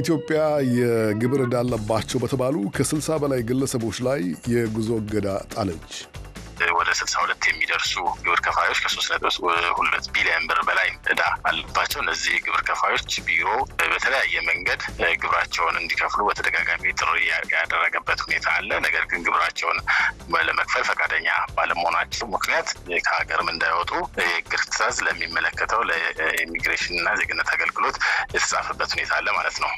ኢትዮጵያ የግብር እዳለባቸው በተባሉ ከ60 በላይ ግለሰቦች ላይ የጉዞ እገዳ ጣለች። ወደ 62 የሚደርሱ ግብር ከፋዮች ከ3.2 ቢሊዮን ብር በላይ እዳ አለባቸው። እነዚህ ግብር ከፋዮች ቢሮ በተለያየ መንገድ ግብራቸውን እንዲከፍሉ በተደጋጋሚ ጥሪ ያደረገበት ሁኔታ አለ። ነገር ግን ግብራቸውን ለመክፈል ፈቃደኛ ባለመሆናቸው ምክንያት ከሀገርም እንዳይወጡ የእግር ትዛዝ ለሚመለከተው ለኢሚግሬሽን ዜግነት አገልግሎት የተጻፈበት ሁኔታ አለ ማለት ነው።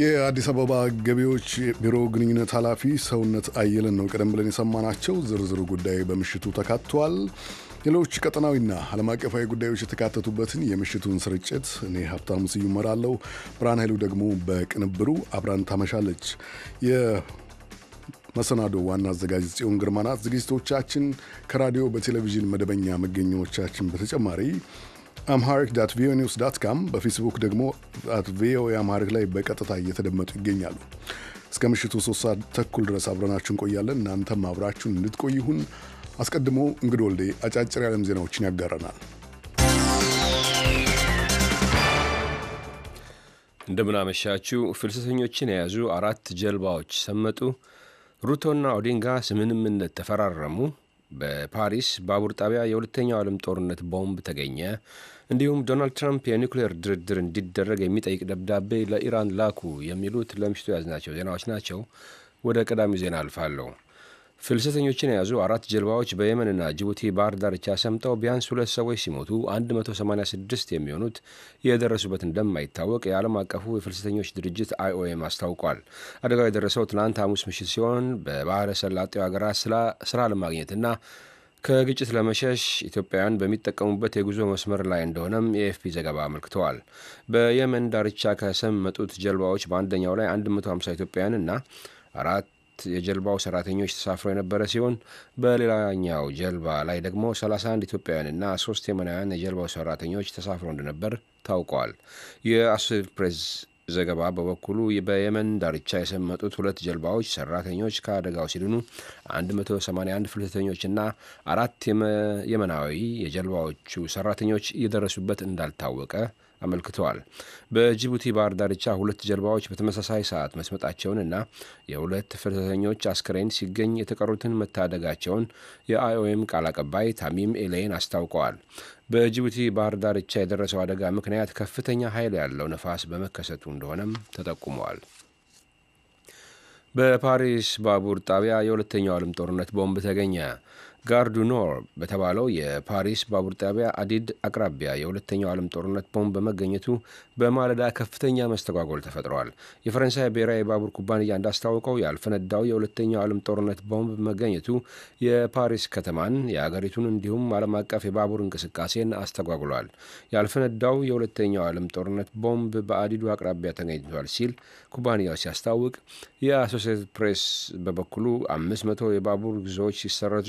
የአዲስ አበባ ገቢዎች ቢሮ ግንኙነት ኃላፊ ሰውነት አየለን ነው ቀደም ብለን የሰማናቸው። ዝርዝሩ ጉዳይ በምሽቱ ተካቷል። ሌሎች ቀጠናዊና ዓለም አቀፋዊ ጉዳዮች የተካተቱበትን የምሽቱን ስርጭት እኔ ሀብታሙ ስዩ መራለሁ ብርሃን ኃይሉ ደግሞ በቅንብሩ አብራን ታመሻለች። የመሰናዶ ዋና አዘጋጅ ጽዮን ግርማ ናት። ዝግጅቶቻችን ከራዲዮ በቴሌቪዥን መደበኛ መገኛዎቻችን በተጨማሪ አምሃሪክ ዳት ቪኦኤ ኒውስ ዳት ካም በፌስቡክ ደግሞ አት ቪኦኤ አምሃሪክ ላይ በቀጥታ እየተደመጡ ይገኛሉ። እስከ ምሽቱ ሶስት ሰዓት ተኩል ድረስ አብረናችሁ እንቆያለን። እናንተም አብራችሁን እንድትቆይሁን አስቀድሞ እንግዶ ወልዴ አጫጭር የዓለም ዜናዎችን ያጋረናል። እንደምናመሻችሁ። ፍልሰተኞችን የያዙ አራት ጀልባዎች ሰመጡ። ሩቶና ኦዲንጋ ስምምነት ተፈራረሙ። በፓሪስ ባቡር ጣቢያ የሁለተኛው ዓለም ጦርነት ቦምብ ተገኘ፣ እንዲሁም ዶናልድ ትራምፕ የኒውክሌር ድርድር እንዲደረግ የሚጠይቅ ደብዳቤ ለኢራን ላኩ የሚሉት ለምሽቱ ያዝናቸው ዜናዎች ናቸው። ወደ ቀዳሚው ዜና አልፋለሁ። ፍልሰተኞችን የያዙ አራት ጀልባዎች በየመንና ጅቡቲ ባህር ዳርቻ ሰምጠው ቢያንስ ሁለት ሰዎች ሲሞቱ 186 የሚሆኑት የደረሱበት እንደማይታወቅ የዓለም አቀፉ የፍልሰተኞች ድርጅት አይኦኤም አስታውቋል። አደጋው የደረሰው ትናንት ሐሙስ ምሽት ሲሆን በባህረ ሰላጤው ሀገራት ስራ ለማግኘትና ከግጭት ለመሸሽ ኢትዮጵያውያን በሚጠቀሙበት የጉዞ መስመር ላይ እንደሆነም የኤፍፒ ዘገባ አመልክተዋል። በየመን ዳርቻ ከሰመጡት ጀልባዎች በአንደኛው ላይ 150 ኢትዮጵያውያን እና አራት የጀልባው ሰራተኞች ተሳፍረው የነበረ ሲሆን በሌላኛው ጀልባ ላይ ደግሞ 31 ኢትዮጵያውያንና ሶስት የመናውያን የጀልባው ሰራተኞች ተሳፍረው እንደነበር ታውቋል። የአሶሴትድ ፕሬስ ዘገባ በበኩሉ በየመን ዳርቻ የሰመጡት ሁለት ጀልባዎች ሰራተኞች ከአደጋው ሲድኑ 181 ፍልሰተኞችና አራት የመናዊ የጀልባዎቹ ሰራተኞች እየደረሱበት እንዳልታወቀ አመልክተዋል። በጅቡቲ ባህር ዳርቻ ሁለት ጀልባዎች በተመሳሳይ ሰዓት መስመጣቸውንና የሁለት ፍልሰተኞች አስክሬን ሲገኝ የተቀሩትን መታደጋቸውን የአይኦኤም ቃል አቀባይ ታሚም ኤሌን አስታውቀዋል። በጅቡቲ ባህር ዳርቻ የደረሰው አደጋ ምክንያት ከፍተኛ ኃይል ያለው ነፋስ በመከሰቱ እንደሆነም ተጠቁመዋል። በፓሪስ ባቡር ጣቢያ የሁለተኛው ዓለም ጦርነት ቦምብ ተገኘ። ጋርዱ ኖር በተባለው የፓሪስ ባቡር ጣቢያ አዲድ አቅራቢያ የሁለተኛው ዓለም ጦርነት ቦምብ በመገኘቱ በማለዳ ከፍተኛ መስተጓጎል ተፈጥሯል። የፈረንሳይ ብሔራዊ ባቡር ኩባንያ እንዳስታወቀው ያልፈነዳው የሁለተኛው ዓለም ጦርነት ቦምብ መገኘቱ የፓሪስ ከተማን፣ የአገሪቱን እንዲሁም ዓለም አቀፍ የባቡር እንቅስቃሴን አስተጓጉሏል። ያልፈነዳው የሁለተኛው ዓለም ጦርነት ቦምብ በአዲዱ አቅራቢያ ተገኝቷል ሲል ኩባንያው ሲያስታውቅ የአሶሴትድ ፕሬስ በበኩሉ 500 የባቡር ጉዞዎች ሲሰረዙ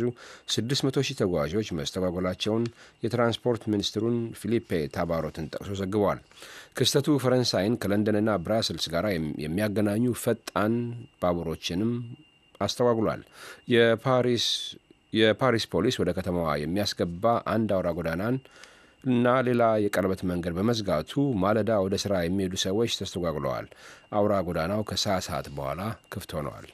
600 ሺህ ተጓዦች መስተጓጎላቸውን የትራንስፖርት ሚኒስትሩን ፊሊፔ ታባሮትን ጠቅሶ ዘግቧል። ክስተቱ ፈረንሳይን ከለንደንና ብራስልስ ጋር የሚያገናኙ ፈጣን ባቡሮችንም አስተጓጉሏል። የፓሪስ የፓሪስ ፖሊስ ወደ ከተማዋ የሚያስገባ አንድ አውራ ጎዳናን እና ሌላ የቀለበት መንገድ በመዝጋቱ ማለዳ ወደ ስራ የሚሄዱ ሰዎች ተስተጓጉለዋል። አውራ ጎዳናው ከሰዓት ሰዓት በኋላ ክፍት ሆነዋል።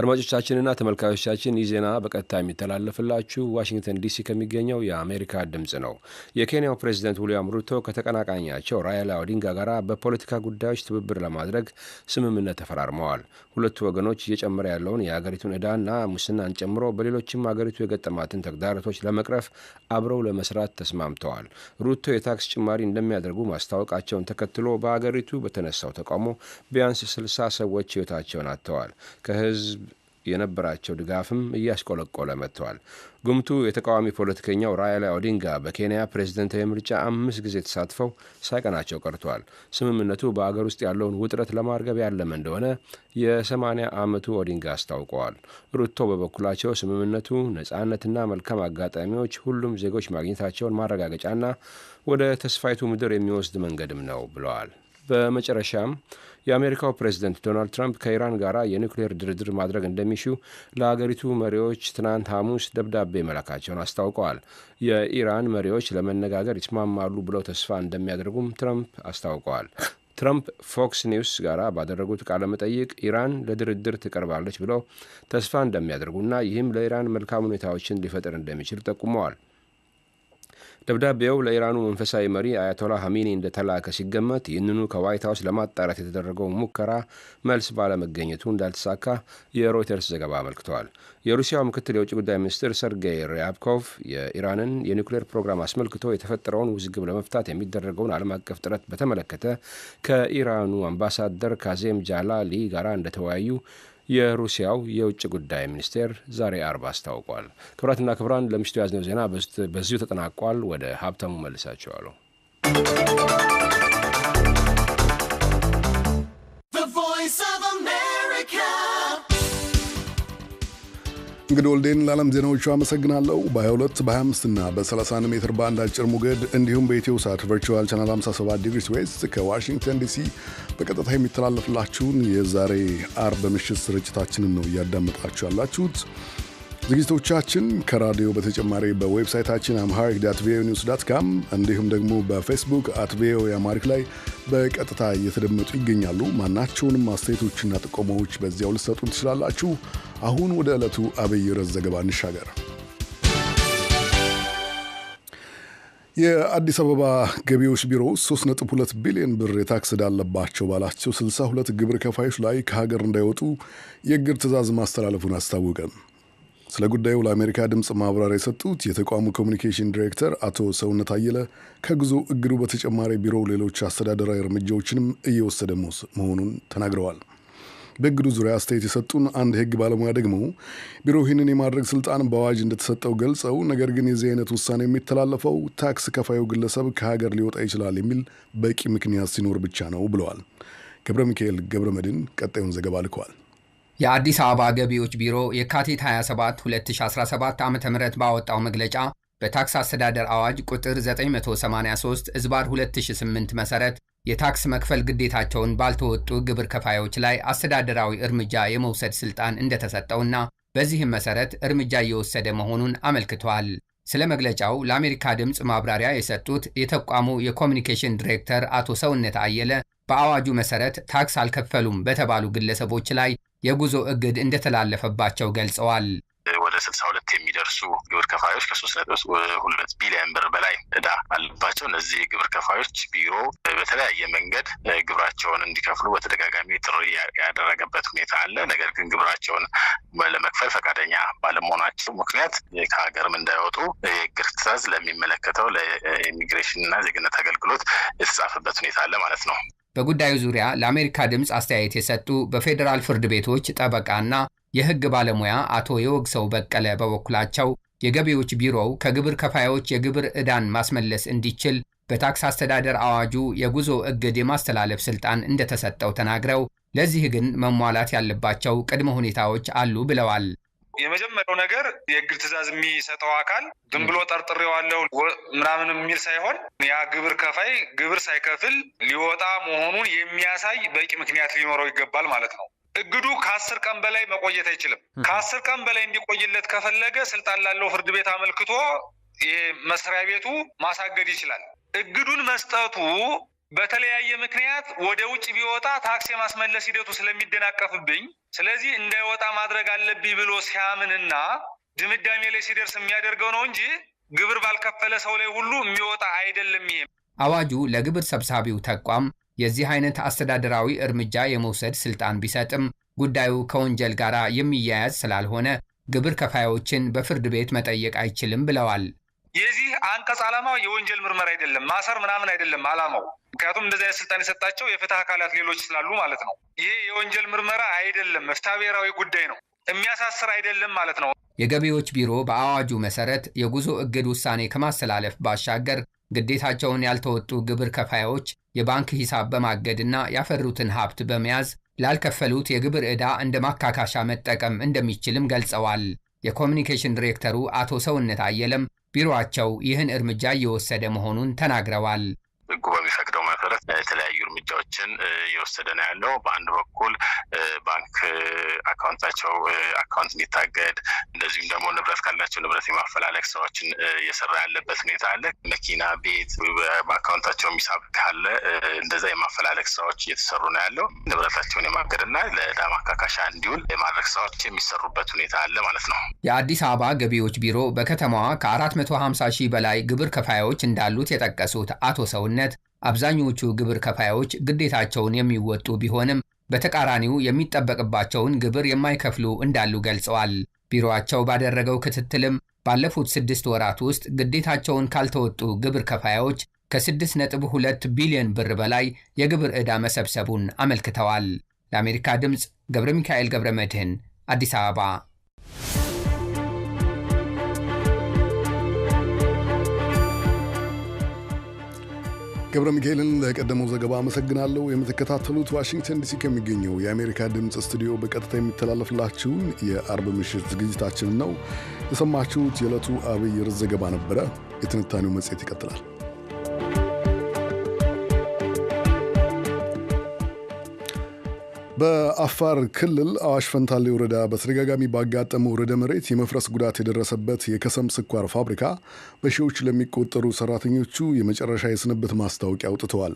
አድማጮቻችንና ተመልካዮቻችን ይህ ዜና በቀጥታ የሚተላለፍላችሁ ዋሽንግተን ዲሲ ከሚገኘው የአሜሪካ ድምፅ ነው። የኬንያው ፕሬዚደንት ዊልያም ሩቶ ከተቀናቃኛቸው ራይላ ኦዲንጋ ጋር በፖለቲካ ጉዳዮች ትብብር ለማድረግ ስምምነት ተፈራርመዋል። ሁለቱ ወገኖች እየጨመረ ያለውን የአገሪቱን ዕዳና ሙስናን ጨምሮ በሌሎችም አገሪቱ የገጠማትን ተግዳሮቶች ለመቅረፍ አብረው ለመስራት ተስማምተዋል። ሩቶ የታክስ ጭማሪ እንደሚያደርጉ ማስታወቃቸውን ተከትሎ በአገሪቱ በተነሳው ተቃውሞ ቢያንስ ስልሳ ሰዎች ሕይወታቸውን አጥተዋል። ህዝብ የነበራቸው ድጋፍም እያሽቆለቆለ መጥተዋል። ጉምቱ የተቃዋሚ ፖለቲከኛው ራይላ ኦዲንጋ በኬንያ ፕሬዝደንታዊ ምርጫ አምስት ጊዜ ተሳትፈው ሳይቀናቸው ቀርተዋል። ስምምነቱ በአገር ውስጥ ያለውን ውጥረት ለማርገብ ያለመ እንደሆነ የ80 ዓመቱ ኦዲንጋ አስታውቀዋል። ሩቶ በበኩላቸው ስምምነቱ ነጻነትና መልካም አጋጣሚዎች ሁሉም ዜጎች ማግኘታቸውን ማረጋገጫና ወደ ተስፋይቱ ምድር የሚወስድ መንገድም ነው ብለዋል። በመጨረሻም የአሜሪካው ፕሬዚደንት ዶናልድ ትራምፕ ከኢራን ጋር የኒውክሌር ድርድር ማድረግ እንደሚሹ ለአገሪቱ መሪዎች ትናንት ሐሙስ ደብዳቤ መላካቸውን አስታውቀዋል። የኢራን መሪዎች ለመነጋገር ይስማማሉ ብለው ተስፋ እንደሚያደርጉም ትራምፕ አስታውቀዋል። ትራምፕ ፎክስ ኒውስ ጋር ባደረጉት ቃለ መጠይቅ ኢራን ለድርድር ትቀርባለች ብለው ተስፋ እንደሚያደርጉና ይህም ለኢራን መልካም ሁኔታዎችን ሊፈጥር እንደሚችል ጠቁመዋል። ደብዳቤው ለኢራኑ መንፈሳዊ መሪ አያቶላ ሀሚኒ እንደተላከ ሲገመት ይህንኑ ከዋይት ሀውስ ለማጣራት የተደረገው ሙከራ መልስ ባለመገኘቱ እንዳልተሳካ የሮይተርስ ዘገባ አመልክተዋል። የሩሲያው ምክትል የውጭ ጉዳይ ሚኒስትር ሰርጌይ ሪያብኮቭ የኢራንን የኒውክሌር ፕሮግራም አስመልክቶ የተፈጠረውን ውዝግብ ለመፍታት የሚደረገውን ዓለም አቀፍ ጥረት በተመለከተ ከኢራኑ አምባሳደር ካዜም ጃላሊ ጋር እንደተወያዩ የሩሲያው የውጭ ጉዳይ ሚኒስቴር ዛሬ አርብ አስታውቋል። ክብራትና ክብራን ለምሽቱ ያዝነው ዜና በዚሁ ተጠናቋል። ወደ ሀብታሙ መልሳቸው እንግዲህ ወልዴን ለዓለም ዜናዎቹ አመሰግናለሁ። በ22 በ25 እና በ31 ሜትር ባንድ አጭር ሞገድ እንዲሁም በኢትዮ ሳት ቨርቹዋል ቻናል 57 ዲግሪስ ዌስት ከዋሽንግተን ዲሲ በቀጥታ የሚተላለፍላችሁን የዛሬ አርብ ምሽት ስርጭታችንን ነው እያዳመጣችሁ ያላችሁት። ዝግጅቶቻችን ከራዲዮ በተጨማሪ በዌብሳይታችን አምሃሪክ ዳት ቪኦኤ ኒውስ ዳት ካም እንዲሁም ደግሞ በፌስቡክ አት ቪኦኤ አማሪክ ላይ በቀጥታ እየተደመጡ ይገኛሉ። ማናቸውንም አስተያየቶችና ጥቆማዎች በዚያው ልሰጡን ትችላላችሁ። አሁን ወደ ዕለቱ አብይ ርዕስ ዘገባ እንሻገር። የአዲስ አበባ ገቢዎች ቢሮ 3.2 ቢሊዮን ብር የታክስ ዕዳ አለባቸው ባላቸው 62 ግብር ከፋዮች ላይ ከሀገር እንዳይወጡ የእግር ትእዛዝ ማስተላለፉን አስታወቀ። ስለ ጉዳዩ ለአሜሪካ ድምፅ ማብራሪያ የሰጡት የተቋሙ ኮሚኒኬሽን ዲሬክተር አቶ ሰውነት አየለ ከጉዞ እግዱ በተጨማሪ ቢሮው ሌሎች አስተዳደራዊ እርምጃዎችንም እየወሰደ መሆኑን ተናግረዋል። በእግዱ ዙሪያ አስተያየት የሰጡን አንድ የህግ ባለሙያ ደግሞ ቢሮ ይህንን የማድረግ ስልጣን በአዋጅ እንደተሰጠው ገልጸው፣ ነገር ግን የዚህ አይነት ውሳኔ የሚተላለፈው ታክስ ከፋዩ ግለሰብ ከሀገር ሊወጣ ይችላል የሚል በቂ ምክንያት ሲኖር ብቻ ነው ብለዋል። ገብረ ሚካኤል ገብረ መድን ቀጣዩን ዘገባ ልከዋል። የአዲስ አበባ ገቢዎች ቢሮ የካቲት 27 2017 ዓ ም ባወጣው መግለጫ በታክስ አስተዳደር አዋጅ ቁጥር 983 ዕዝባር 2008 መሠረት የታክስ መክፈል ግዴታቸውን ባልተወጡ ግብር ከፋዮች ላይ አስተዳደራዊ እርምጃ የመውሰድ ሥልጣን እንደተሰጠውና በዚህም መሠረት እርምጃ እየወሰደ መሆኑን አመልክቷል። ስለ መግለጫው ለአሜሪካ ድምፅ ማብራሪያ የሰጡት የተቋሙ የኮሚኒኬሽን ዲሬክተር አቶ ሰውነት አየለ በአዋጁ መሠረት ታክስ አልከፈሉም በተባሉ ግለሰቦች ላይ የጉዞ እግድ እንደተላለፈባቸው ገልጸዋል። ወደ ስልሳ ሁለት የሚደርሱ ግብር ከፋዮች ከሶስት ነጥብ ሁለት ቢሊዮን ብር በላይ እዳ አለባቸው። እነዚህ ግብር ከፋዮች ቢሮ በተለያየ መንገድ ግብራቸውን እንዲከፍሉ በተደጋጋሚ ጥሪ ያደረገበት ሁኔታ አለ። ነገር ግን ግብራቸውን ለመክፈል ፈቃደኛ ባለመሆናቸው ምክንያት ከሀገርም እንዳይወጡ የእግር ትዕዛዝ ለሚመለከተው ለኢሚግሬሽን እና ዜግነት አገልግሎት የተጻፈበት ሁኔታ አለ ማለት ነው። በጉዳዩ ዙሪያ ለአሜሪካ ድምፅ አስተያየት የሰጡ በፌዴራል ፍርድ ቤቶች ጠበቃና የሕግ ባለሙያ አቶ የወግሰው በቀለ በበኩላቸው የገቢዎች ቢሮው ከግብር ከፋዮች የግብር ዕዳን ማስመለስ እንዲችል በታክስ አስተዳደር አዋጁ የጉዞ እግድ የማስተላለፍ ስልጣን እንደተሰጠው ተናግረው ለዚህ ግን መሟላት ያለባቸው ቅድመ ሁኔታዎች አሉ ብለዋል። የመጀመሪያው ነገር የግብር ትእዛዝ የሚሰጠው አካል ዝም ብሎ ጠርጥሬዋለሁ ምናምን የሚል ሳይሆን ያ ግብር ከፋይ ግብር ሳይከፍል ሊወጣ መሆኑን የሚያሳይ በቂ ምክንያት ሊኖረው ይገባል ማለት ነው። እግዱ ከአስር ቀን በላይ መቆየት አይችልም። ከአስር ቀን በላይ እንዲቆይለት ከፈለገ ስልጣን ላለው ፍርድ ቤት አመልክቶ ይሄ መስሪያ ቤቱ ማሳገድ ይችላል። እግዱን መስጠቱ በተለያየ ምክንያት ወደ ውጭ ቢወጣ ታክስ የማስመለስ ሂደቱ ስለሚደናቀፍብኝ ስለዚህ እንዳይወጣ ማድረግ አለብኝ ብሎ ሲያምንና ድምዳሜ ላይ ሲደርስ የሚያደርገው ነው እንጂ ግብር ባልከፈለ ሰው ላይ ሁሉ የሚወጣ አይደለም። ይሄ አዋጁ ለግብር ሰብሳቢው ተቋም የዚህ አይነት አስተዳደራዊ እርምጃ የመውሰድ ስልጣን ቢሰጥም ጉዳዩ ከወንጀል ጋር የሚያያዝ ስላልሆነ ግብር ከፋዮችን በፍርድ ቤት መጠየቅ አይችልም ብለዋል። የዚህ አንቀጽ ዓላማ የወንጀል ምርመራ አይደለም፣ ማሰር ምናምን አይደለም። ዓላማው ምክንያቱም እንደዚህ አይነት ስልጣን የሰጣቸው የፍትህ አካላት ሌሎች ስላሉ ማለት ነው። ይሄ የወንጀል ምርመራ አይደለም፣ መፍትሐ ብሔራዊ ጉዳይ ነው። የሚያሳስር አይደለም ማለት ነው። የገቢዎች ቢሮ በአዋጁ መሰረት የጉዞ እግድ ውሳኔ ከማስተላለፍ ባሻገር ግዴታቸውን ያልተወጡ ግብር ከፋዮች የባንክ ሂሳብ በማገድና ያፈሩትን ሀብት በመያዝ ላልከፈሉት የግብር ዕዳ እንደ ማካካሻ መጠቀም እንደሚችልም ገልጸዋል። የኮሚኒኬሽን ዲሬክተሩ አቶ ሰውነት አየለም ቢሮአቸው ይህን እርምጃ እየወሰደ መሆኑን ተናግረዋል። ሕጉ በሚፈቅደው መሰረት የተለያዩ እርምጃዎችን እየወሰደ ነው ያለው። በአንድ በኩል ባንክ አካውንታቸው አካውንት እንዲታገድ እንደዚሁም ደግሞ ንብረት ካላቸው ንብረት የማፈላለግ ስራዎችን እየሰራ ያለበት ሁኔታ አለ። መኪና፣ ቤት በአካውንታቸው ሚሳብ ካለ እንደዛ የማፈላለግ ስራዎች እየተሰሩ ነው ያለው። ንብረታቸውን የማገድና ለዕዳ እንዲውል የማድረግ ስራዎች የሚሰሩበት ሁኔታ አለ ማለት ነው። የአዲስ አበባ ገቢዎች ቢሮ በከተማዋ ከ450 ሺህ በላይ ግብር ከፋዮች እንዳሉት የጠቀሱት አቶ ሰውነት አብዛኞቹ ግብር ከፋዮች ግዴታቸውን የሚወጡ ቢሆንም በተቃራኒው የሚጠበቅባቸውን ግብር የማይከፍሉ እንዳሉ ገልጸዋል። ቢሮአቸው ባደረገው ክትትልም ባለፉት ስድስት ወራት ውስጥ ግዴታቸውን ካልተወጡ ግብር ከፋዮች ከ6.2 ቢሊዮን ብር በላይ የግብር ዕዳ መሰብሰቡን አመልክተዋል። ለአሜሪካ ድምፅ ገብረ ሚካኤል ገብረ መድህን አዲስ አበባ ገብረ ሚካኤልን ለቀደመው ዘገባ አመሰግናለሁ። የምትከታተሉት ዋሽንግተን ዲሲ ከሚገኘው የአሜሪካ ድምፅ ስቱዲዮ በቀጥታ የሚተላለፍላችሁን የአርብ ምሽት ዝግጅታችንን ነው። የሰማችሁት የዕለቱ አብይ ርዕስ ዘገባ ነበረ። የትንታኔው መጽሔት ይቀጥላል። በአፋር ክልል አዋሽ ፈንታሌ ወረዳ በተደጋጋሚ ባጋጠመ ወረደ መሬት የመፍረስ ጉዳት የደረሰበት የከሰም ስኳር ፋብሪካ በሺዎች ለሚቆጠሩ ሰራተኞቹ የመጨረሻ የስንብት ማስታወቂያ አውጥተዋል።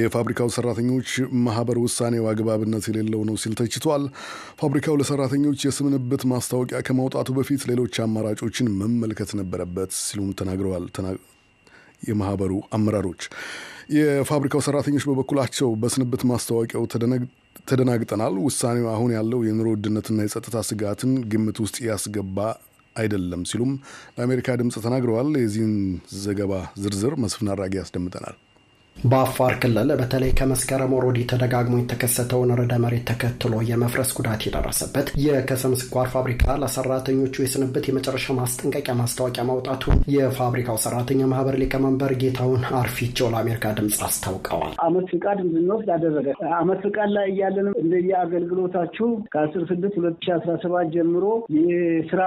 የፋብሪካው ሰራተኞች ማህበር ውሳኔው አግባብነት የሌለው ነው ሲል ተችቷል። ፋብሪካው ለሰራተኞች የስንብት ማስታወቂያ ከማውጣቱ በፊት ሌሎች አማራጮችን መመልከት ነበረበት ሲሉም ተናግረዋል። የማህበሩ አመራሮች። የፋብሪካው ሰራተኞች በበኩላቸው በስንብት ማስታወቂያው ተደናግጠናል፣ ውሳኔው አሁን ያለው የኑሮ ውድነትና የጸጥታ ስጋትን ግምት ውስጥ ያስገባ አይደለም ሲሉም ለአሜሪካ ድምፅ ተናግረዋል። የዚህን ዘገባ ዝርዝር መስፍን አራጌ ያስደምጠናል። በአፋር ክልል በተለይ ከመስከረም ወር ወዲህ ተደጋግሞ የተከሰተውን ርዕደ መሬት ተከትሎ የመፍረስ ጉዳት የደረሰበት የከሰም ስኳር ፋብሪካ ለሰራተኞቹ የስንብት የመጨረሻ ማስጠንቀቂያ ማስታወቂያ ማውጣቱን የፋብሪካው ሰራተኛ ማህበር ሊቀመንበር ጌታውን አርፊቸው ለአሜሪካ ድምፅ አስታውቀዋል። አመት ፍቃድ እንድንወስድ አደረገ። አመት ፍቃድ ላይ እያለንም እንደየ አገልግሎታችሁ ከአስር ስድስት ሁለት ሺ አስራ ሰባት ጀምሮ የስራ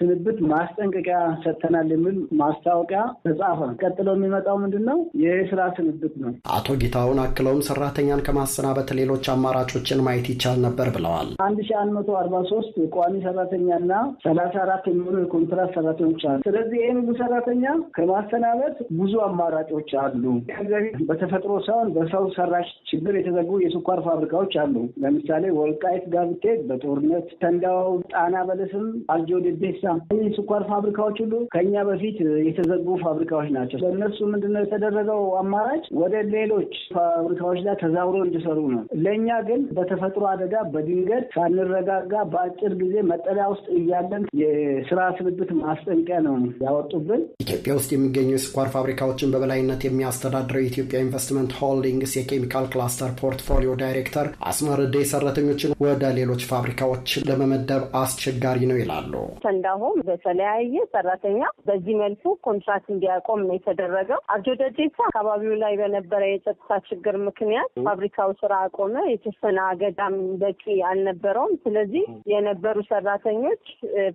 ስንብት ማስጠንቀቂያ ሰጥተናል የሚል ማስታወቂያ ተጻፈ። ቀጥሎ የሚመጣው ምንድን ነው? የስራ ስንብት ያለበት ነው። አቶ ጌታሁን አክለውም ሰራተኛን ከማሰናበት ሌሎች አማራጮችን ማየት ይቻል ነበር ብለዋል። አንድ ሺ አንድ መቶ አርባ ሶስት ቋሚ ሰራተኛና ሰላሳ አራት የሚሆኑ የኮንትራት ሰራተኞች አሉ። ስለዚህ ይህን ብዙ ሰራተኛ ከማሰናበት ብዙ አማራጮች አሉ። በተፈጥሮ ሳይሆን በሰው ሰራሽ ችግር የተዘጉ የስኳር ፋብሪካዎች አሉ። ለምሳሌ ወልቃይት ጋር ብትሄድ በጦርነት ተንዳው፣ ጣና በለስም፣ አልጆ ደዴሳ እነዚህ ስኳር ፋብሪካዎች ሁሉ ከኛ በፊት የተዘጉ ፋብሪካዎች ናቸው። በእነሱ ምንድነው የተደረገው አማራጭ ወደ ሌሎች ፋብሪካዎች ላይ ተዛውሮ እንዲሰሩ ነው። ለእኛ ግን በተፈጥሮ አደጋ በድንገት ሳንረጋጋ በአጭር ጊዜ መጠለያ ውስጥ እያለን የስራ ስንብት ማስጠንቀቂያ ነው ያወጡብን። ኢትዮጵያ ውስጥ የሚገኙ የስኳር ፋብሪካዎችን በበላይነት የሚያስተዳድረው የኢትዮጵያ ኢንቨስትመንት ሆልዲንግስ የኬሚካል ክላስተር ፖርትፎሊዮ ዳይሬክተር አስመርዴ ሰራተኞችን ወደ ሌሎች ፋብሪካዎች ለመመደብ አስቸጋሪ ነው ይላሉ። እንዳሁም በተለያየ ሰራተኛ በዚህ መልኩ ኮንትራክት እንዲያቆም ነው የተደረገው። አርጆ ደዴሳ አካባቢው ላይ በነበረ የጸጥታ ችግር ምክንያት ፋብሪካው ስራ አቆመ። የተወሰነ አገዳም በቂ አልነበረውም። ስለዚህ የነበሩ ሰራተኞች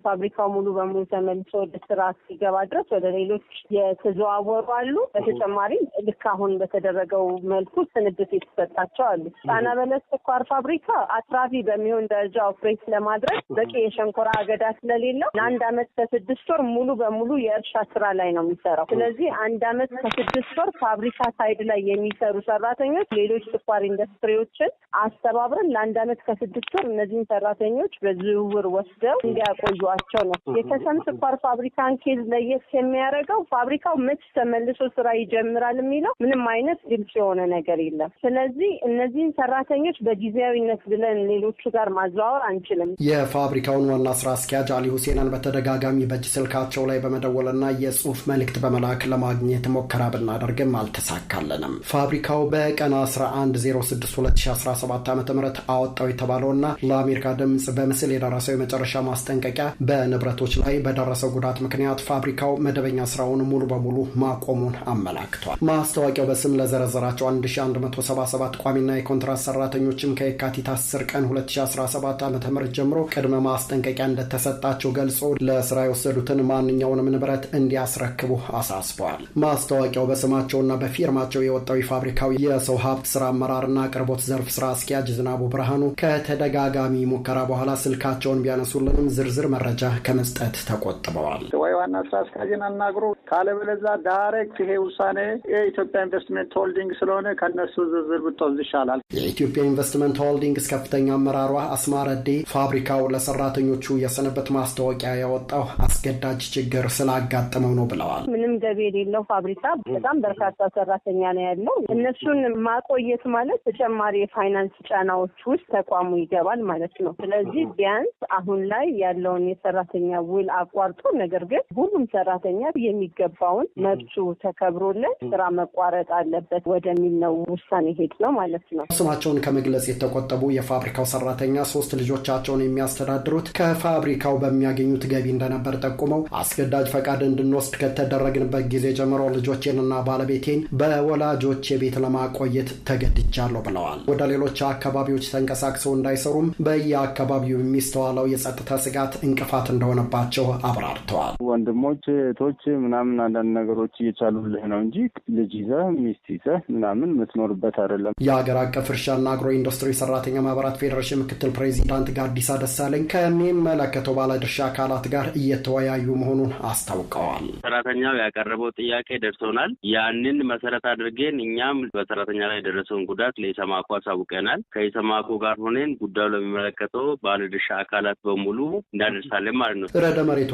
ፋብሪካው ሙሉ በሙሉ ተመልሶ ወደ ስራ ሲገባ ድረስ ወደ ሌሎች የተዘዋወሩ አሉ። በተጨማሪም ልክ አሁን በተደረገው መልኩ ስንብት የተሰጣቸው አሉ። ጣና በለስ ስኳር ፋብሪካ አትራፊ በሚሆን ደረጃ ኦፕሬት ለማድረግ በቂ የሸንኮራ አገዳ ስለሌለው ለአንድ አመት ከስድስት ወር ሙሉ በሙሉ የእርሻ ስራ ላይ ነው የሚሰራው። ስለዚህ አንድ አመት ከስድስት ወር ፋብሪካ ሳይ ሳይድ ላይ የሚሰሩ ሰራተኞች ሌሎች ስኳር ኢንዱስትሪዎችን አስተባብረን ለአንድ አመት ከስድስት ወር እነዚህን ሰራተኞች በዝውውር ወስደው እንዲያቆዩቸው ነው። የተሰም ስኳር ፋብሪካን ኬዝ ለየት የሚያደርገው ፋብሪካው መች ተመልሶ ስራ ይጀምራል የሚለው ምንም አይነት ግልጽ የሆነ ነገር የለም። ስለዚህ እነዚህን ሰራተኞች በጊዜያዊነት ብለን ሌሎቹ ጋር ማዘዋወር አንችልም። የፋብሪካውን ዋና ስራ አስኪያጅ አሊ ሁሴናን በተደጋጋሚ በእጅ ስልካቸው ላይ በመደወልና የጽሁፍ መልእክት በመላክ ለማግኘት ሞከራ ብናደርግም አልተሳካም። እንመለከታለንም። ፋብሪካው በቀን 11062017 ዓ ም አወጣው የተባለውና ለአሜሪካ ድምፅ በምስል የደረሰው የመጨረሻ ማስጠንቀቂያ በንብረቶች ላይ በደረሰው ጉዳት ምክንያት ፋብሪካው መደበኛ ስራውን ሙሉ በሙሉ ማቆሙን አመላክቷል። ማስታወቂያው በስም ለዘረዘራቸው 1177 ቋሚና የኮንትራት ሰራተኞችም ከየካቲት 10 ቀን 2017 ዓ ም ጀምሮ ቅድመ ማስጠንቀቂያ እንደተሰጣቸው ገልጾ ለስራ የወሰዱትን ማንኛውንም ንብረት እንዲያስረክቡ አሳስበዋል። ማስታወቂያው በስማቸውና በፊርማ ስማቸው የወጣው የፋብሪካው የሰው ሀብት ስራ አመራርና አቅርቦት ዘርፍ ስራ አስኪያጅ ዝናቡ ብርሃኑ ከተደጋጋሚ ሙከራ በኋላ ስልካቸውን ቢያነሱልንም ዝርዝር መረጃ ከመስጠት ተቆጥበዋል። ዋና ስራ አስኪያጅን አናግሮ ካለበለዛ ዳይሬክት ይሄ ውሳኔ የኢትዮጵያ ኢንቨስትመንት ሆልዲንግ ስለሆነ ከነሱ ዝርዝር ብትወስድ ይሻላል። የኢትዮጵያ ኢንቨስትመንት ሆልዲንግስ ከፍተኛ አመራሯ አስማረዴ ፋብሪካው ለሰራተኞቹ የስንብት ማስታወቂያ ያወጣው አስገዳጅ ችግር ስላጋጠመው ነው ብለዋል። ምንም ገቢ የሌለው ፋብሪካ በጣም በርካታ ሰራተኛ ነው ያለው። እነሱን ማቆየት ማለት ተጨማሪ የፋይናንስ ጫናዎች ውስጥ ተቋሙ ይገባል ማለት ነው። ስለዚህ ቢያንስ አሁን ላይ ያለውን የሰራተኛ ውል አቋርጦ ነገር ግን ሁሉም ሰራተኛ የሚገባውን መብቱ ተከብሮለት ስራ መቋረጥ አለበት ወደሚል ነው ውሳኔ ሄድ ነው ማለት ነው። ስማቸውን ከመግለጽ የተቆጠቡ የፋብሪካው ሰራተኛ ሶስት ልጆቻቸውን የሚያስተዳድሩት ከፋብሪካው በሚያገኙት ገቢ እንደነበር ጠቁመው አስገዳጅ ፈቃድ እንድንወስድ ከተደረግንበት ጊዜ ጀምሮ ልጆቼንና ባለቤቴን በወላጆቼ ቤት ለማቆየት ተገድጃለሁ ብለዋል። ወደ ሌሎች አካባቢዎች ተንቀሳቅሰው እንዳይሰሩም በየአካባቢው የሚስተዋለው የጸጥታ ስጋት እንቅፋት እንደሆነባቸው አብራርተዋል። ወንድሞች እህቶች ምናምን አንዳንድ ነገሮች እየቻሉልህ ነው እንጂ ልጅ ይዘህ ሚስት ይዘህ ምናምን የምትኖርበት አይደለም። የሀገር አቀፍ እርሻና አግሮ ኢንዱስትሪ ሰራተኛ ማህበራት ፌዴሬሽን ምክትል ፕሬዚዳንት ጋዲሳ ደሳለኝ ከሚመለከተው ባለድርሻ አካላት ጋር እየተወያዩ መሆኑን አስታውቀዋል። ሰራተኛው ያቀረበው ጥያቄ ደርሶናል። ያንን መሰረት አድርገን እኛም በሰራተኛ ላይ የደረሰውን ጉዳት ለኢሰማኮ አሳውቀናል። ከኢሰማኮ ጋር ሆነን ጉዳዩ ለሚመለከተው ባለድርሻ አካላት በሙሉ እንዳደርሳለን ማለት ነው። ርዕደ መሬቱ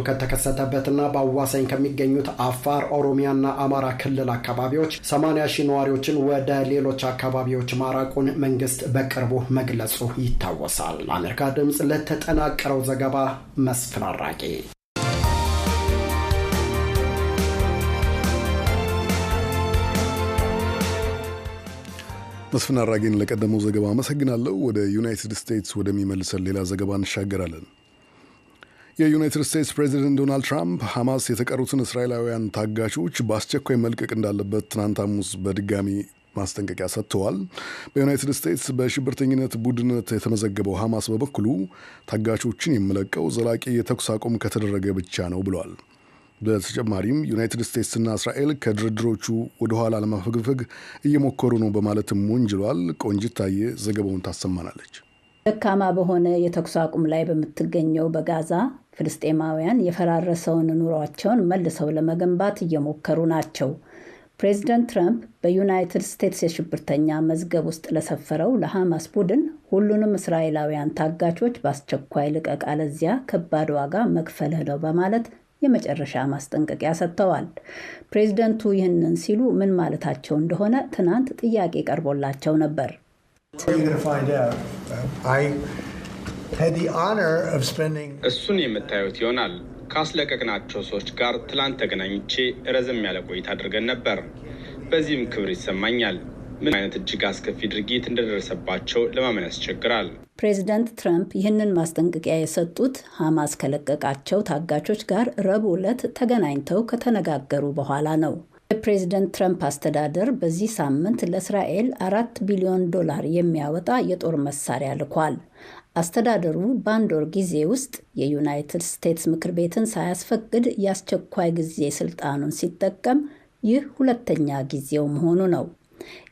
በአፋርና በአዋሳኝ ከሚገኙት አፋር፣ ኦሮሚያና አማራ ክልል አካባቢዎች 80 ሺህ ነዋሪዎችን ወደ ሌሎች አካባቢዎች ማራቁን መንግስት በቅርቡ መግለጹ ይታወሳል። ለአሜሪካ ድምፅ ለተጠናቀረው ዘገባ መስፍን አራቂ። መስፍን አራጌን ለቀደመው ዘገባ አመሰግናለሁ። ወደ ዩናይትድ ስቴትስ ወደሚመልሰን ሌላ ዘገባ እንሻገራለን። የዩናይትድ ስቴትስ ፕሬዚደንት ዶናልድ ትራምፕ ሐማስ የተቀሩትን እስራኤላውያን ታጋቾች በአስቸኳይ መልቀቅ እንዳለበት ትናንት ሐሙስ በድጋሚ ማስጠንቀቂያ ሰጥተዋል። በዩናይትድ ስቴትስ በሽብርተኝነት ቡድንነት የተመዘገበው ሐማስ በበኩሉ ታጋቾችን የምለቀው ዘላቂ የተኩስ አቁም ከተደረገ ብቻ ነው ብሏል። በተጨማሪም ዩናይትድ ስቴትስና እስራኤል ከድርድሮቹ ወደኋላ ለማፈግፈግ እየሞከሩ ነው በማለትም ወንጅሏል። ቆንጅት ታየ ዘገባውን ታሰማናለች። ደካማ በሆነ የተኩስ አቁም ላይ በምትገኘው በጋዛ ፍልስጤማውያን የፈራረሰውን ኑሯቸውን መልሰው ለመገንባት እየሞከሩ ናቸው። ፕሬዚደንት ትራምፕ በዩናይትድ ስቴትስ የሽብርተኛ መዝገብ ውስጥ ለሰፈረው ለሐማስ ቡድን ሁሉንም እስራኤላውያን ታጋቾች በአስቸኳይ ልቀቅ፣ አለዚያ ከባድ ዋጋ መክፈልህ ነው በማለት የመጨረሻ ማስጠንቀቂያ ሰጥተዋል። ፕሬዚደንቱ ይህንን ሲሉ ምን ማለታቸው እንደሆነ ትናንት ጥያቄ ቀርቦላቸው ነበር። እሱን የምታዩት ይሆናል። ካስለቀቅናቸው ሰዎች ጋር ትላንት ተገናኝቼ ረዘም ያለ ቆይታ አድርገን ነበር። በዚህም ክብር ይሰማኛል። ምን አይነት እጅግ አስከፊ ድርጊት እንደደረሰባቸው ለማመን ያስቸግራል። ፕሬዚደንት ትራምፕ ይህንን ማስጠንቀቂያ የሰጡት ሐማስ ከለቀቃቸው ታጋቾች ጋር ረቡዕ ዕለት ተገናኝተው ከተነጋገሩ በኋላ ነው። የፕሬዚደንት ትራምፕ አስተዳደር በዚህ ሳምንት ለእስራኤል አራት ቢሊዮን ዶላር የሚያወጣ የጦር መሳሪያ ልኳል። አስተዳደሩ በአንድ ወር ጊዜ ውስጥ የዩናይትድ ስቴትስ ምክር ቤትን ሳያስፈቅድ የአስቸኳይ ጊዜ ስልጣኑን ሲጠቀም ይህ ሁለተኛ ጊዜው መሆኑ ነው።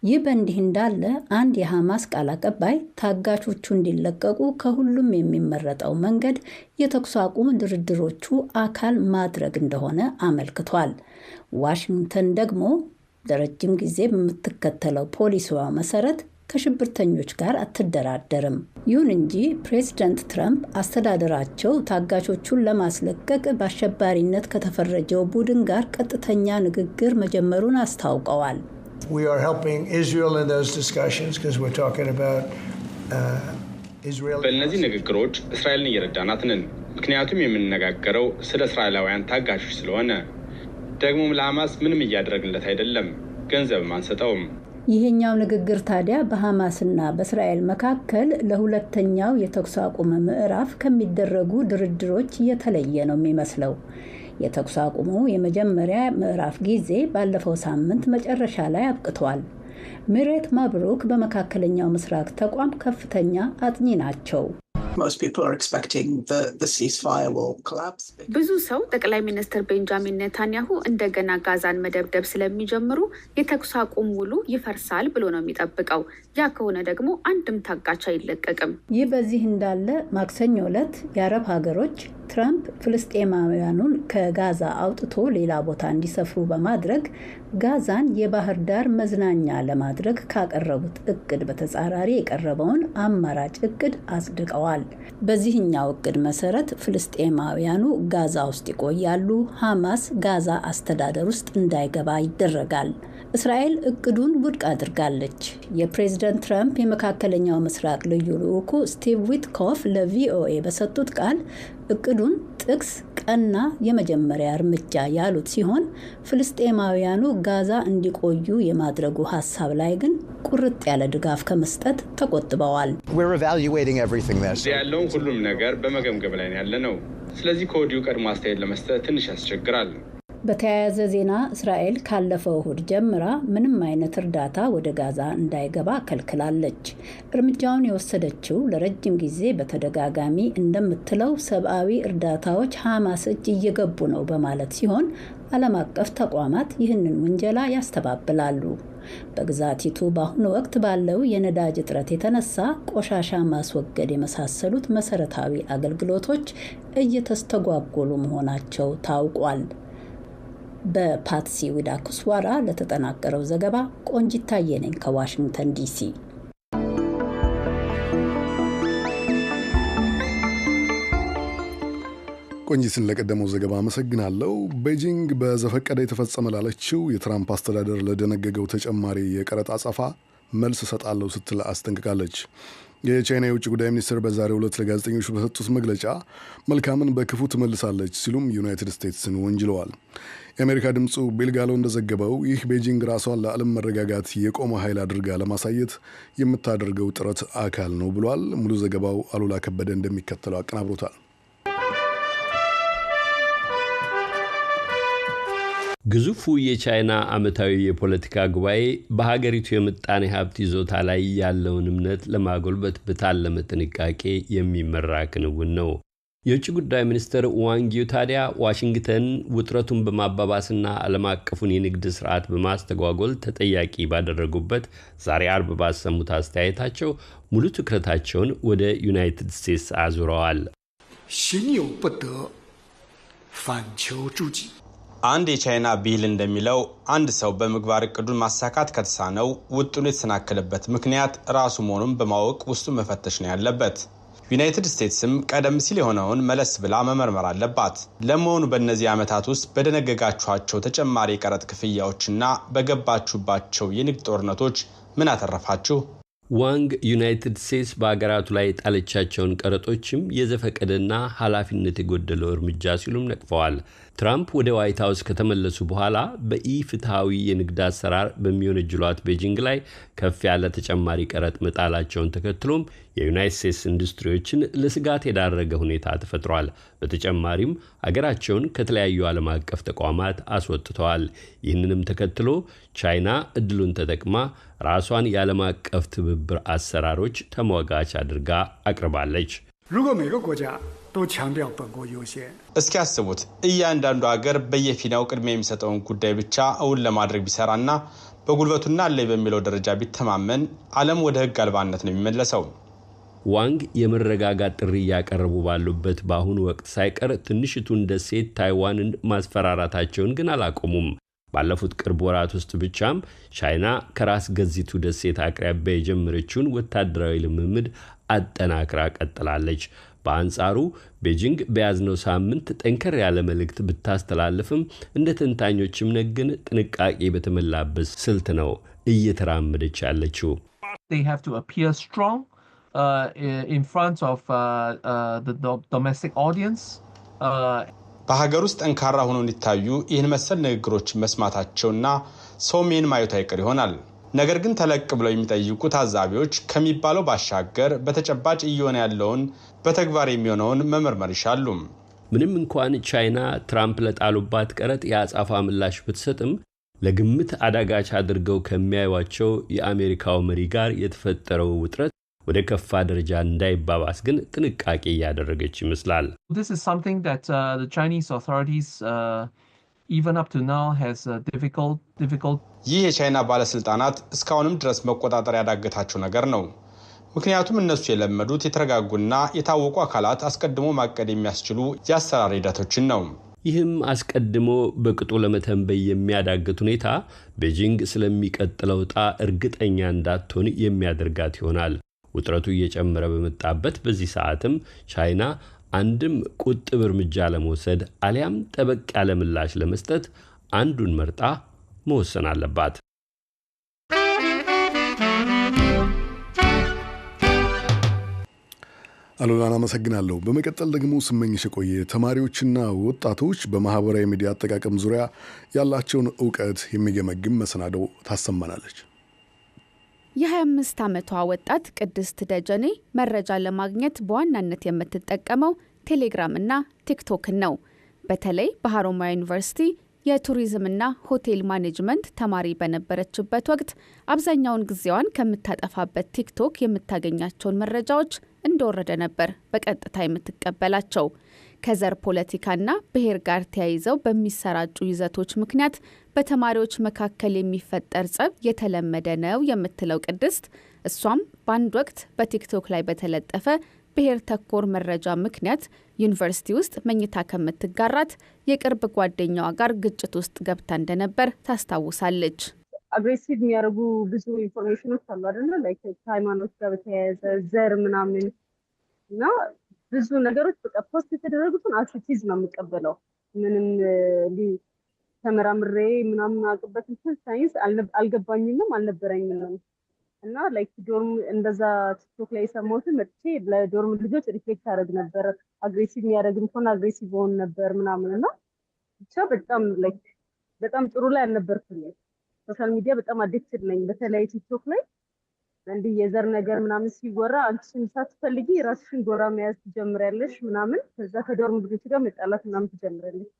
ይህ በእንዲህ እንዳለ አንድ የሐማስ ቃል አቀባይ ታጋቾቹ እንዲለቀቁ ከሁሉም የሚመረጠው መንገድ የተኩስ አቁም ድርድሮቹ አካል ማድረግ እንደሆነ አመልክቷል። ዋሽንግተን ደግሞ ለረጅም ጊዜ በምትከተለው ፖሊሲዋ መሰረት ከሽብርተኞች ጋር አትደራደርም። ይሁን እንጂ ፕሬዚደንት ትራምፕ አስተዳደራቸው ታጋቾቹን ለማስለቀቅ በአሸባሪነት ከተፈረጀው ቡድን ጋር ቀጥተኛ ንግግር መጀመሩን አስታውቀዋል። uh, በእነዚህ ንግግሮች እስራኤልን እየረዳናት ነን። ምክንያቱም የምንነጋገረው ስለ እስራኤላውያን ታጋቾች ስለሆነ፣ ደግሞም ለሐማስ ምንም እያደረግንለት አይደለም፣ ገንዘብም አንሰጠውም። ይሄኛው ንግግር ታዲያ በሐማስና በእስራኤል መካከል ለሁለተኛው የተኩስ አቁም ምዕራፍ ከሚደረጉ ድርድሮች የተለየ ነው የሚመስለው። የተኩስ አቁሙ የመጀመሪያ ምዕራፍ ጊዜ ባለፈው ሳምንት መጨረሻ ላይ አብቅቷል። ሚሬት ማብሩክ በመካከለኛው ምስራቅ ተቋም ከፍተኛ አጥኚ ናቸው። ብዙ ሰው ጠቅላይ ሚኒስትር ቤንጃሚን ኔታንያሁ እንደገና ጋዛን መደብደብ ስለሚጀምሩ የተኩስ አቁም ውሉ ይፈርሳል ብሎ ነው የሚጠብቀው። ያ ከሆነ ደግሞ አንድም ታጋች አይለቀቅም። ይህ በዚህ እንዳለ ማክሰኞ ዕለት የአረብ ሀገሮች ትራምፕ ፍልስጤማውያኑን ከጋዛ አውጥቶ ሌላ ቦታ እንዲሰፍሩ በማድረግ ጋዛን የባህር ዳር መዝናኛ ለማድረግ ካቀረቡት እቅድ በተጻራሪ የቀረበውን አማራጭ እቅድ አጽድቀዋል። በዚህኛው እቅድ መሰረት ፍልስጤማውያኑ ጋዛ ውስጥ ይቆያሉ፣ ሐማስ ጋዛ አስተዳደር ውስጥ እንዳይገባ ይደረጋል። እስራኤል እቅዱን ውድቅ አድርጋለች። የፕሬዝደንት ትራምፕ የመካከለኛው ምስራቅ ልዩ ልዑኩ ስቲቭ ዊትኮፍ ለቪኦኤ በሰጡት ቃል እቅዱን ጥቅስ ቀና የመጀመሪያ እርምጃ ያሉት ሲሆን ፍልስጤማውያኑ ጋዛ እንዲቆዩ የማድረጉ ሀሳብ ላይ ግን ቁርጥ ያለ ድጋፍ ከመስጠት ተቆጥበዋል። ያለውን ሁሉም ነገር በመገምገም ላይ ያለ ነው። ስለዚህ ከወዲሁ ቀድሞ አስተያየት ለመስጠት ትንሽ ያስቸግራል። በተያያዘ ዜና እስራኤል ካለፈው እሁድ ጀምራ ምንም አይነት እርዳታ ወደ ጋዛ እንዳይገባ ከልክላለች። እርምጃውን የወሰደችው ለረጅም ጊዜ በተደጋጋሚ እንደምትለው ሰብአዊ እርዳታዎች ሐማስ እጅ እየገቡ ነው በማለት ሲሆን ዓለም አቀፍ ተቋማት ይህንን ውንጀላ ያስተባብላሉ። በግዛቲቱ በአሁኑ ወቅት ባለው የነዳጅ እጥረት የተነሳ ቆሻሻ ማስወገድ የመሳሰሉት መሰረታዊ አገልግሎቶች እየተስተጓጎሉ መሆናቸው ታውቋል። በፓትሲ ዊዳኩስዋራ ለተጠናቀረው ዘገባ ቆንጂት ታየ ነኝ ከዋሽንግተን ዲሲ። ቆንጂትን ለቀደመው ዘገባ አመሰግናለሁ። ቤጂንግ በዘፈቀደ የተፈጸመ ላለችው የትራምፕ አስተዳደር ለደነገገው ተጨማሪ የቀረጥ አጸፋ መልስ እሰጣለሁ ስትል አስጠንቅቃለች። የቻይና የውጭ ጉዳይ ሚኒስትር በዛሬው ዕለት ለጋዜጠኞች በሰጡት መግለጫ መልካምን በክፉ ትመልሳለች ሲሉም ዩናይትድ ስቴትስን ወንጅለዋል። የአሜሪካ ድምፁ ቤልጋሎ እንደዘገበው ይህ ቤጂንግ ራሷን ለዓለም መረጋጋት የቆመ ኃይል አድርጋ ለማሳየት የምታደርገው ጥረት አካል ነው ብሏል። ሙሉ ዘገባው አሉላ ከበደ እንደሚከተለው አቀናብሮታል። ግዙፉ የቻይና ዓመታዊ የፖለቲካ ጉባኤ በሀገሪቱ የምጣኔ ሀብት ይዞታ ላይ ያለውን እምነት ለማጎልበት በታለመ ጥንቃቄ የሚመራ ክንውን ነው። የውጭ ጉዳይ ሚኒስትር ዋንጊው ታዲያ ዋሽንግተን ውጥረቱን በማባባስና ዓለም አቀፉን የንግድ ስርዓት በማስተጓጎል ተጠያቂ ባደረጉበት ዛሬ አርብ ባሰሙት አስተያየታቸው ሙሉ ትኩረታቸውን ወደ ዩናይትድ ስቴትስ አዙረዋል። ሽኒው አንድ የቻይና ብሂል እንደሚለው አንድ ሰው በምግባር እቅዱን ማሳካት ከተሳነው ውጡን የተሰናከለበት ምክንያት ራሱ መሆኑን በማወቅ ውስጡ መፈተሽ ነው ያለበት። ዩናይትድ ስቴትስም ቀደም ሲል የሆነውን መለስ ብላ መመርመር አለባት። ለመሆኑ በእነዚህ ዓመታት ውስጥ በደነገጋችኋቸው ተጨማሪ የቀረጥ ክፍያዎችና በገባችሁባቸው የንግድ ጦርነቶች ምን አተረፋችሁ? ዋንግ ዩናይትድ ስቴትስ በሀገራቱ ላይ የጣለቻቸውን ቀረጦችም የዘፈቀደና ኃላፊነት የጎደለው እርምጃ ሲሉም ነቅፈዋል። ትራምፕ ወደ ዋይት ሀውስ ከተመለሱ በኋላ በኢፍትሐዊ የንግድ አሰራር በሚወነጅሏት ቤጂንግ ላይ ከፍ ያለ ተጨማሪ ቀረጥ መጣላቸውን ተከትሎም የዩናይት ስቴትስ ኢንዱስትሪዎችን ለስጋት የዳረገ ሁኔታ ተፈጥሯል። በተጨማሪም አገራቸውን ከተለያዩ ዓለም አቀፍ ተቋማት አስወጥተዋል። ይህንንም ተከትሎ ቻይና እድሉን ተጠቅማ ራሷን የዓለም አቀፍ ትብብር አሰራሮች ተሟጋች አድርጋ አቅርባለች። 都强调本国优先。እስኪ ያስቡት እያንዳንዱ ሀገር በየፊናው ቅድሚያ የሚሰጠውን ጉዳይ ብቻ እውን ለማድረግ ቢሰራና በጉልበቱና አለይ በሚለው ደረጃ ቢተማመን ዓለም ወደ ሕግ አልባነት ነው የሚመለሰው። ዋንግ የመረጋጋት ጥሪ እያቀረቡ ባሉበት በአሁኑ ወቅት ሳይቀር ትንሽቱን ደሴት ታይዋንን ማስፈራራታቸውን ግን አላቆሙም። ባለፉት ቅርብ ወራት ውስጥ ብቻም ቻይና ከራስ ገዚቱ ደሴት አቅራቢያ የጀመረችውን ወታደራዊ ልምምድ አጠናክራ ቀጥላለች። በአንጻሩ ቤጂንግ በያዝነው ሳምንት ጠንከር ያለ መልእክት ብታስተላልፍም እንደ ተንታኞች እምነት ግን ጥንቃቄ በተሞላበት ስልት ነው እየተራመደች ያለችው። uh, uh, uh, በሀገር ውስጥ ጠንካራ ሆነው እንዲታዩ ይህን መሰል ንግግሮች መስማታቸውና ሰው ሜን ማየት አይቀር ይሆናል። ነገር ግን ተለቅ ብለው የሚጠይቁ ታዛቢዎች ከሚባለው ባሻገር በተጨባጭ እየሆነ ያለውን በተግባር የሚሆነውን መመርመር ይሻሉ። ምንም እንኳን ቻይና ትራምፕ ለጣሉባት ቀረጥ የአጻፋ ምላሽ ብትሰጥም ለግምት አዳጋች አድርገው ከሚያዩቸው የአሜሪካው መሪ ጋር የተፈጠረው ውጥረት ወደ ከፋ ደረጃ እንዳይባባስ ግን ጥንቃቄ እያደረገች ይመስላል። ይህ የቻይና ባለስልጣናት እስካሁንም ድረስ መቆጣጠር ያዳገታቸው ነገር ነው። ምክንያቱም እነሱ የለመዱት የተረጋጉና የታወቁ አካላት አስቀድሞ ማቀድ የሚያስችሉ የአሰራር ሂደቶችን ነው። ይህም አስቀድሞ በቅጡ ለመተንበይ የሚያዳግት ሁኔታ ቤጂንግ ስለሚቀጥለው ዕጣ እርግጠኛ እንዳትሆን የሚያደርጋት ይሆናል። ውጥረቱ እየጨመረ በመጣበት በዚህ ሰዓትም ቻይና አንድም ቁጥብ እርምጃ ለመውሰድ አሊያም ጠበቅ ያለ ምላሽ ለመስጠት አንዱን መርጣ መወሰን አለባት። አሉላን አመሰግናለሁ። በመቀጠል ደግሞ ስመኝሽ የቆየ ተማሪዎችና ወጣቶች በማህበራዊ ሚዲያ አጠቃቀም ዙሪያ ያላቸውን እውቀት የሚገመግም መሰናደው ታሰማናለች። የ25 ዓመቷ ወጣት ቅድስት ደጀኔ መረጃ ለማግኘት በዋናነት የምትጠቀመው ቴሌግራምና ቲክቶክን ነው። በተለይ በሀሮማያ ዩኒቨርሲቲ የቱሪዝምና ሆቴል ማኔጅመንት ተማሪ በነበረችበት ወቅት አብዛኛውን ጊዜዋን ከምታጠፋበት ቲክቶክ የምታገኛቸውን መረጃዎች እንደወረደ ነበር በቀጥታ የምትቀበላቸው። ከዘር ፖለቲካና ብሔር ጋር ተያይዘው በሚሰራጩ ይዘቶች ምክንያት በተማሪዎች መካከል የሚፈጠር ጸብ የተለመደ ነው የምትለው ቅድስት፣ እሷም በአንድ ወቅት በቲክቶክ ላይ በተለጠፈ ብሔር ተኮር መረጃ ምክንያት ዩኒቨርሲቲ ውስጥ መኝታ ከምትጋራት የቅርብ ጓደኛዋ ጋር ግጭት ውስጥ ገብታ እንደነበር ታስታውሳለች። አግሬሲቭ የሚያደርጉ ብዙ ኢንፎርሜሽኖች አሉ አይደለ? ከሃይማኖት ጋር በተያያዘ ዘር ምናምን እና ብዙ ነገሮች በቃ ፖስት የተደረጉትን አትሊቲዝ ነው የምቀበለው። ምንም ተመራምሬ ምናምን አቅበት እንትን ሳይንስ አልገባኝምም አልነበረኝምም። እና ላይክ ዶርም እንደዛ ቲክቶክ ላይ የሰማሁትን መጥቼ ለዶርም ልጆች ሪፍሌክት አደረግ ነበር። አግሬሲቭ የሚያደረግም ከሆነ አግሬሲቭ ሆን ነበር ምናምን እና ብቻ በጣም ላይክ በጣም ጥሩ ላይ አልነበርኩኝ። ሶሻል ሚዲያ በጣም አዲክትድ ነኝ፣ በተለይ ቲክቶክ ላይ እንዲህ የዘር ነገር ምናምን ሲወራ አንቺን ሳትፈልጊ ራስሽን ጎራ መያዝ ትጀምሪያለሽ ምናምን ከዛ ከዶርም ልጆች ጋር መጣላት ምናምን ትጀምሪያለሽ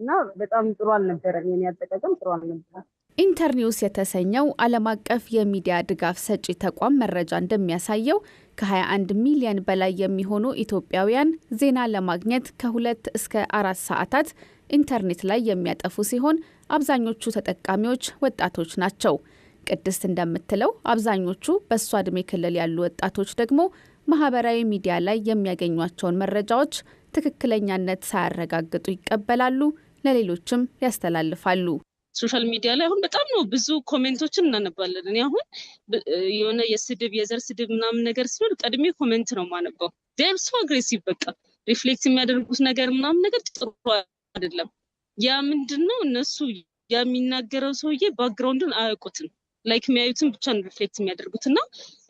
እና በጣም ጥሩ አልነበረም። የኔ አጠቃቀም ጥሩ አልነበረም። ኢንተርኒውስ የተሰኘው ዓለም አቀፍ የሚዲያ ድጋፍ ሰጪ ተቋም መረጃ እንደሚያሳየው ከ21 ሚሊዮን በላይ የሚሆኑ ኢትዮጵያውያን ዜና ለማግኘት ከሁለት እስከ አራት ሰዓታት ኢንተርኔት ላይ የሚያጠፉ ሲሆን አብዛኞቹ ተጠቃሚዎች ወጣቶች ናቸው። ቅድስት እንደምትለው አብዛኞቹ በእሷ እድሜ ክልል ያሉ ወጣቶች ደግሞ ማህበራዊ ሚዲያ ላይ የሚያገኟቸውን መረጃዎች ትክክለኛነት ሳያረጋግጡ ይቀበላሉ፣ ለሌሎችም ያስተላልፋሉ። ሶሻል ሚዲያ ላይ አሁን በጣም ነው ብዙ ኮሜንቶችን እናነባለን። እኔ አሁን የሆነ የስድብ የዘር ስድብ ምናምን ነገር ሲሆን ቀድሜ ኮሜንት ነው የማነባው። ም ሶ አግሬሲቭ በቃ ሪፍሌክት የሚያደርጉት ነገር ምናምን ነገር ጥሩ አይደለም። ያ ምንድን ነው እነሱ የሚናገረው ሰውዬ ባክግራውንድን አያውቁትም። ላይክ የሚያዩትን ብቻ ነው ሪፍሌክት የሚያደርጉት እና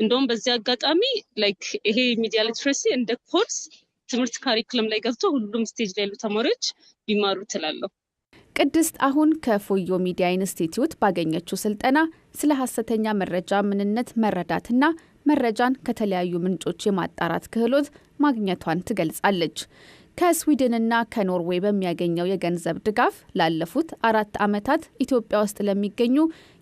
እንደውም በዚህ አጋጣሚ ላይክ ይሄ ሚዲያ ሊትሬሲ እንደ ኮርስ ትምህርት ካሪክለም ላይ ገብቶ ሁሉም ስቴጅ ላይ ያሉ ተማሪዎች ቢማሩ ትላለሁ። ቅድስት አሁን ከፎዮ ሚዲያ ኢንስቲትዩት ባገኘችው ስልጠና ስለ ሀሰተኛ መረጃ ምንነት መረዳትና መረጃን ከተለያዩ ምንጮች የማጣራት ክህሎት ማግኘቷን ትገልጻለች። ከስዊድንና ከኖርዌይ በሚያገኘው የገንዘብ ድጋፍ ላለፉት አራት ዓመታት ኢትዮጵያ ውስጥ ለሚገኙ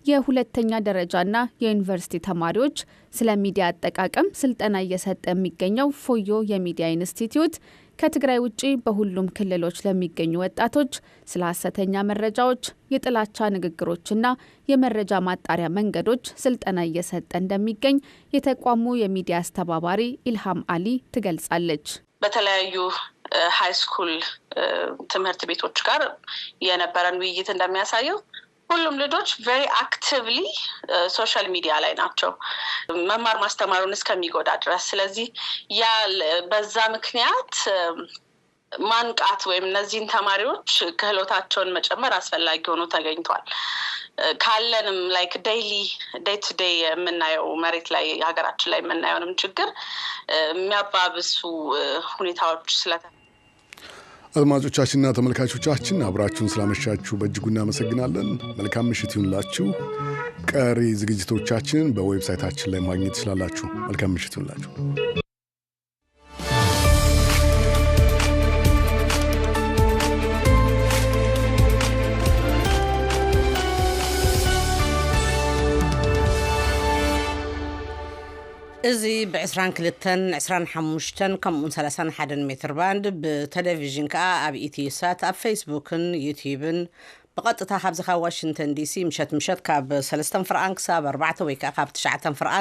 የሁለተኛ ደረጃና የዩኒቨርሲቲ ተማሪዎች ስለ ሚዲያ አጠቃቀም ስልጠና እየሰጠ የሚገኘው ፎዮ የሚዲያ ኢንስቲትዩት ከትግራይ ውጪ በሁሉም ክልሎች ለሚገኙ ወጣቶች ስለ ሀሰተኛ መረጃዎች፣ የጥላቻ ንግግሮችና የመረጃ ማጣሪያ መንገዶች ስልጠና እየሰጠ እንደሚገኝ የተቋሙ የሚዲያ አስተባባሪ ኢልሃም አሊ ትገልጻለች። በተለያዩ ሃይስኩል ትምህርት ቤቶች ጋር የነበረን ውይይት እንደሚያሳየው ሁሉም ልጆች ቬሪ አክቲቭሊ ሶሻል ሚዲያ ላይ ናቸው መማር ማስተማሩን እስከሚጎዳ ድረስ። ስለዚህ ያ በዛ ምክንያት um, ማንቃት ወይም እነዚህን ተማሪዎች ክህሎታቸውን መጨመር አስፈላጊ ሆኖ ተገኝቷል። uh, ካለንም ላይክ ዴይሊ ዴይ ቱ ዴይ የምናየው መሬት ላይ ሀገራችን ላይ የምናየውንም ችግር uh, የሚያባብሱ uh, ሁኔታዎች ስለተ አድማጮቻችንና ተመልካቾቻችን አብራችሁን ስላመሻችሁ በእጅጉ እናመሰግናለን። መልካም ምሽት ይሁንላችሁ። ቀሪ ዝግጅቶቻችንን በዌብሳይታችን ላይ ማግኘት ትችላላችሁ። መልካም ምሽት ይሁንላችሁ። እዚ ብ22 25 ከምኡን 31 ሜትር ባንድ ብቴሌቭዥን ከዓ ኣብ ኢትዮሳት ኣብ ፌስቡክን ዩቲብን ብቐጥታ ካብዚ ካብ ዋሽንተን ዲሲ ምሸት ምሸት ካብ 3 ፍርኣን ክሳብ 4 ወይ ከዓ ካብ 9 ፍርኣን